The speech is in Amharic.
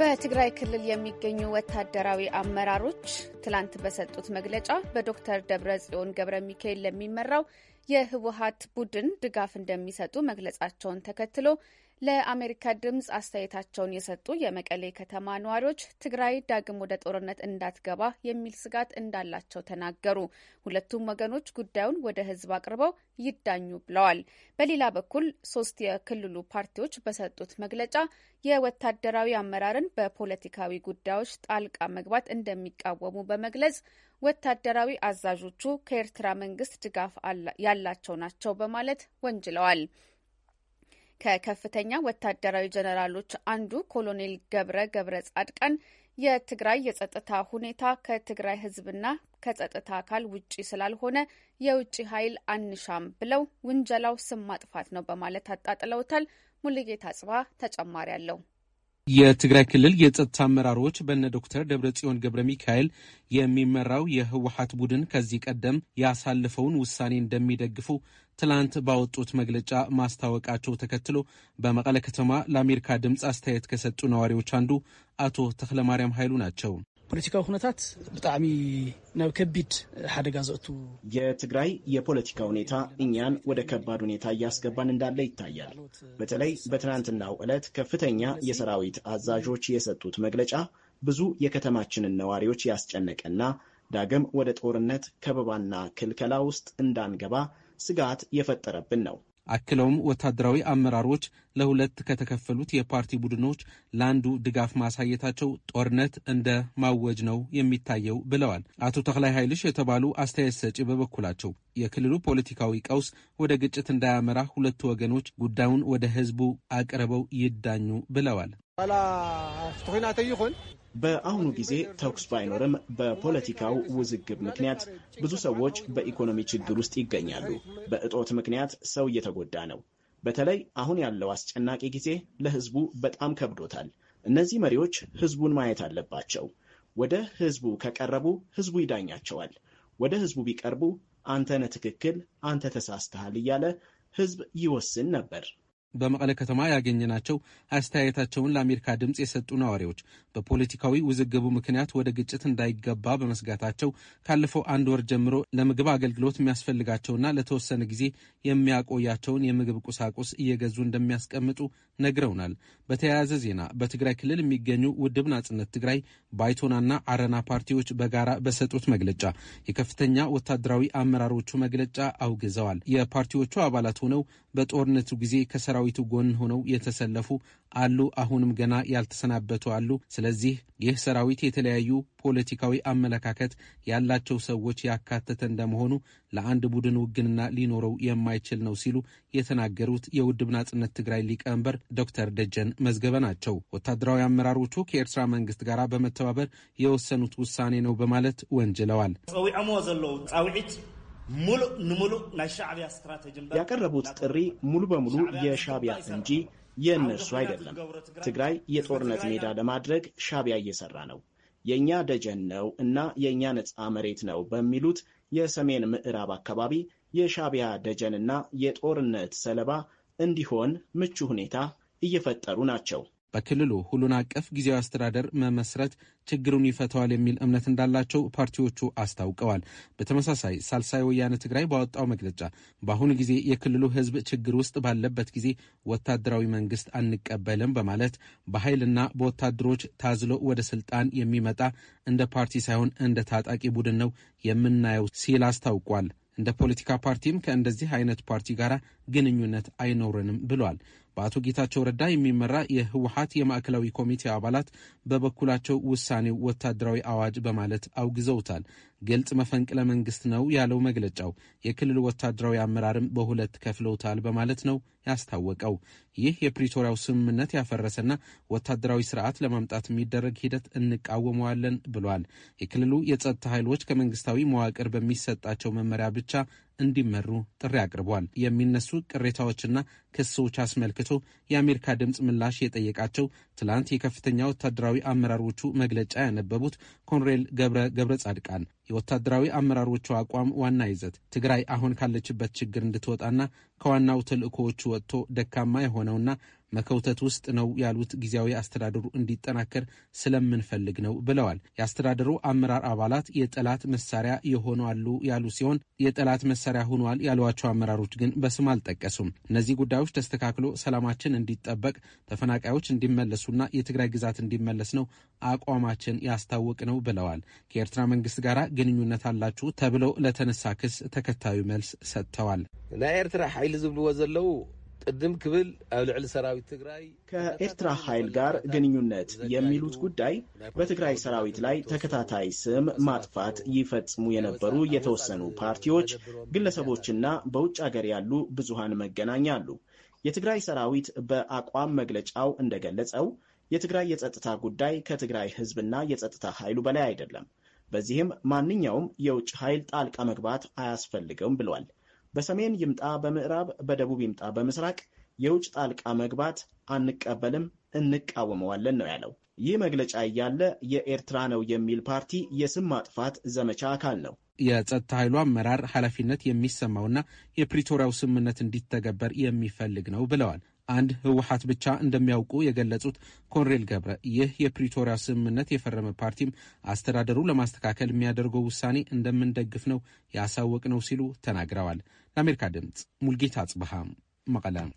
በትግራይ ክልል የሚገኙ ወታደራዊ አመራሮች ትላንት በሰጡት መግለጫ በዶክተር ደብረ ጽዮን ገብረ ሚካኤል ለሚመራው የህወሀት ቡድን ድጋፍ እንደሚሰጡ መግለጻቸውን ተከትሎ ለአሜሪካ ድምፅ አስተያየታቸውን የሰጡ የመቀሌ ከተማ ነዋሪዎች ትግራይ ዳግም ወደ ጦርነት እንዳትገባ የሚል ስጋት እንዳላቸው ተናገሩ። ሁለቱም ወገኖች ጉዳዩን ወደ ህዝብ አቅርበው ይዳኙ ብለዋል። በሌላ በኩል ሶስት የክልሉ ፓርቲዎች በሰጡት መግለጫ የወታደራዊ አመራርን በፖለቲካዊ ጉዳዮች ጣልቃ መግባት እንደሚቃወሙ በመግለጽ ወታደራዊ አዛዦቹ ከኤርትራ መንግስት ድጋፍ ያላቸው ናቸው በማለት ወንጅለዋል። ከከፍተኛ ወታደራዊ ጀኔራሎች አንዱ ኮሎኔል ገብረ ገብረ ጻድቃን የትግራይ የጸጥታ ሁኔታ ከትግራይ ህዝብና ከጸጥታ አካል ውጪ ስላልሆነ የውጭ ኃይል አንሻም ብለው ውንጀላው ስም ማጥፋት ነው በማለት አጣጥለውታል። ሙልጌታ ጽባ ተጨማሪ አለው። የትግራይ ክልል የጸጥታ አመራሮች በነ ዶክተር ደብረጽዮን ገብረ ሚካኤል የሚመራው የህወሀት ቡድን ከዚህ ቀደም ያሳለፈውን ውሳኔ እንደሚደግፉ ትላንት ባወጡት መግለጫ ማስታወቃቸው ተከትሎ በመቀለ ከተማ ለአሜሪካ ድምፅ አስተያየት ከሰጡ ነዋሪዎች አንዱ አቶ ተክለማርያም ኃይሉ ናቸው። ፖለቲካዊ ኩነታት ብጣዕሚ ናብ ከቢድ ሓደጋ ዘእቱ የትግራይ የፖለቲካ ሁኔታ እኛን ወደ ከባድ ሁኔታ እያስገባን እንዳለ ይታያል። በተለይ በትናንትናው ዕለት ከፍተኛ የሰራዊት አዛዦች የሰጡት መግለጫ ብዙ የከተማችንን ነዋሪዎች ያስጨነቀና ዳግም ወደ ጦርነት ከበባና ክልከላ ውስጥ እንዳንገባ ስጋት የፈጠረብን ነው። አክለውም ወታደራዊ አመራሮች ለሁለት ከተከፈሉት የፓርቲ ቡድኖች ለአንዱ ድጋፍ ማሳየታቸው ጦርነት እንደ ማወጅ ነው የሚታየው ብለዋል። አቶ ተክላይ ኃይልሽ የተባሉ አስተያየት ሰጪ በበኩላቸው የክልሉ ፖለቲካዊ ቀውስ ወደ ግጭት እንዳያመራ ሁለቱ ወገኖች ጉዳዩን ወደ ሕዝቡ አቅርበው ይዳኙ ብለዋል። በአሁኑ ጊዜ ተኩስ ባይኖርም በፖለቲካው ውዝግብ ምክንያት ብዙ ሰዎች በኢኮኖሚ ችግር ውስጥ ይገኛሉ። በእጦት ምክንያት ሰው እየተጎዳ ነው። በተለይ አሁን ያለው አስጨናቂ ጊዜ ለሕዝቡ በጣም ከብዶታል። እነዚህ መሪዎች ሕዝቡን ማየት አለባቸው። ወደ ሕዝቡ ከቀረቡ ሕዝቡ ይዳኛቸዋል። ወደ ሕዝቡ ቢቀርቡ አንተነ ትክክል፣ አንተ ተሳስተሃል እያለ ሕዝብ ይወስን ነበር። በመቀለ ከተማ ያገኘናቸው አስተያየታቸውን ለአሜሪካ ድምፅ የሰጡ ነዋሪዎች በፖለቲካዊ ውዝግቡ ምክንያት ወደ ግጭት እንዳይገባ በመስጋታቸው ካለፈው አንድ ወር ጀምሮ ለምግብ አገልግሎት የሚያስፈልጋቸውና ለተወሰነ ጊዜ የሚያቆያቸውን የምግብ ቁሳቁስ እየገዙ እንደሚያስቀምጡ ነግረውናል። በተያያዘ ዜና በትግራይ ክልል የሚገኙ ውድብ ናጽነት ትግራይ፣ ባይቶናና አረና ፓርቲዎች በጋራ በሰጡት መግለጫ የከፍተኛ ወታደራዊ አመራሮቹ መግለጫ አውግዘዋል። የፓርቲዎቹ አባላት ሆነው በጦርነቱ ጊዜ ከሰራ ከሰራዊቱ ጎን ሆነው የተሰለፉ አሉ። አሁንም ገና ያልተሰናበቱ አሉ። ስለዚህ ይህ ሰራዊት የተለያዩ ፖለቲካዊ አመለካከት ያላቸው ሰዎች ያካተተ እንደመሆኑ ለአንድ ቡድን ውግንና ሊኖረው የማይችል ነው ሲሉ የተናገሩት የውድብ ናጽነት ትግራይ ሊቀመንበር ዶክተር ደጀን መዝገበ ናቸው። ወታደራዊ አመራሮቹ ከኤርትራ መንግስት ጋር በመተባበር የወሰኑት ውሳኔ ነው በማለት ወንጅለዋል። ፀዊዖሞ ዘለው ፃውዒት ያቀረቡት ጥሪ ሙሉ በሙሉ የሻቢያ እንጂ የእነርሱ አይደለም። ትግራይ የጦርነት ሜዳ ለማድረግ ሻቢያ እየሰራ ነው፣ የእኛ ደጀን ነው እና የእኛ ነፃ መሬት ነው በሚሉት የሰሜን ምዕራብ አካባቢ የሻቢያ ደጀንና የጦርነት ሰለባ እንዲሆን ምቹ ሁኔታ እየፈጠሩ ናቸው። በክልሉ ሁሉን አቀፍ ጊዜያዊ አስተዳደር መመስረት ችግሩን ይፈተዋል የሚል እምነት እንዳላቸው ፓርቲዎቹ አስታውቀዋል። በተመሳሳይ ሳልሳይ ወያነ ትግራይ ባወጣው መግለጫ በአሁኑ ጊዜ የክልሉ ሕዝብ ችግር ውስጥ ባለበት ጊዜ ወታደራዊ መንግስት አንቀበልም በማለት በኃይልና በወታደሮች ታዝሎ ወደ ስልጣን የሚመጣ እንደ ፓርቲ ሳይሆን እንደ ታጣቂ ቡድን ነው የምናየው ሲል አስታውቋል። እንደ ፖለቲካ ፓርቲም ከእንደዚህ አይነት ፓርቲ ጋር ግንኙነት አይኖረንም ብሏል። በአቶ ጌታቸው ረዳ የሚመራ የህወሀት የማዕከላዊ ኮሚቴ አባላት በበኩላቸው ውሳኔው ወታደራዊ አዋጅ በማለት አውግዘውታል። ግልጽ መፈንቅለ መንግስት ነው ያለው መግለጫው። የክልሉ ወታደራዊ አመራርም በሁለት ከፍለውታል በማለት ነው ያስታወቀው። ይህ የፕሪቶሪያው ስምምነት ያፈረሰና ወታደራዊ ስርዓት ለማምጣት የሚደረግ ሂደት እንቃወመዋለን ብሏል። የክልሉ የጸጥታ ኃይሎች ከመንግስታዊ መዋቅር በሚሰጣቸው መመሪያ ብቻ እንዲመሩ ጥሪ አቅርቧል። የሚነሱ ቅሬታዎችና ክሶች አስመልክቶ የአሜሪካ ድምፅ ምላሽ የጠየቃቸው ትላንት የከፍተኛ ወታደራዊ አመራሮቹ መግለጫ ያነበቡት ኮንሬል ገብረ ገብረ ጻድቃን የወታደራዊ አመራሮቹ አቋም ዋና ይዘት ትግራይ አሁን ካለችበት ችግር እንድትወጣና ከዋናው ተልእኮዎቹ ወጥቶ ደካማ የሆነውና መከውተት ውስጥ ነው ያሉት ጊዜያዊ አስተዳደሩ እንዲጠናከር ስለምንፈልግ ነው ብለዋል። የአስተዳደሩ አመራር አባላት የጠላት መሳሪያ የሆኗሉ ያሉ ሲሆን የጠላት መሳሪያ ሆኗል ያሏቸው አመራሮች ግን በስም አልጠቀሱም። እነዚህ ጉዳዮች ተስተካክሎ ሰላማችን እንዲጠበቅ፣ ተፈናቃዮች እንዲመለሱና የትግራይ ግዛት እንዲመለስ ነው አቋማችን ያስታወቅ ነው ብለዋል። ከኤርትራ መንግስት ጋር ግንኙነት አላችሁ ተብለው ለተነሳ ክስ ተከታዩ መልስ ሰጥተዋል። ናይ ኤርትራ ሀይል ዝብልዎ ዘለው ቅድም ክብል ኣብ ልዕሊ ሰራዊት ትግራይ ከኤርትራ ኃይል ጋር ግንኙነት የሚሉት ጉዳይ በትግራይ ሰራዊት ላይ ተከታታይ ስም ማጥፋት ይፈጽሙ የነበሩ የተወሰኑ ፓርቲዎች፣ ግለሰቦችና በውጭ ሀገር ያሉ ብዙሃን መገናኛ አሉ። የትግራይ ሰራዊት በአቋም መግለጫው እንደገለጸው የትግራይ የጸጥታ ጉዳይ ከትግራይ ሕዝብና የጸጥታ ኃይሉ በላይ አይደለም። በዚህም ማንኛውም የውጭ ኃይል ጣልቃ መግባት አያስፈልገውም ብሏል። በሰሜን ይምጣ፣ በምዕራብ በደቡብ ይምጣ፣ በምስራቅ የውጭ ጣልቃ መግባት አንቀበልም፣ እንቃወመዋለን ነው ያለው። ይህ መግለጫ እያለ የኤርትራ ነው የሚል ፓርቲ የስም ማጥፋት ዘመቻ አካል ነው። የጸጥታ ኃይሉ አመራር ኃላፊነት የሚሰማውና የፕሪቶሪያው ስምምነት እንዲተገበር የሚፈልግ ነው ብለዋል አንድ ህወሀት ብቻ እንደሚያውቁ የገለጹት ኮንሬል ገብረ ይህ የፕሪቶሪያ ስምምነት የፈረመ ፓርቲም አስተዳደሩ ለማስተካከል የሚያደርገው ውሳኔ እንደምንደግፍ ነው ያሳወቅ ነው ሲሉ ተናግረዋል። ለአሜሪካ ድምፅ ሙልጌታ አጽብሃ መቀለ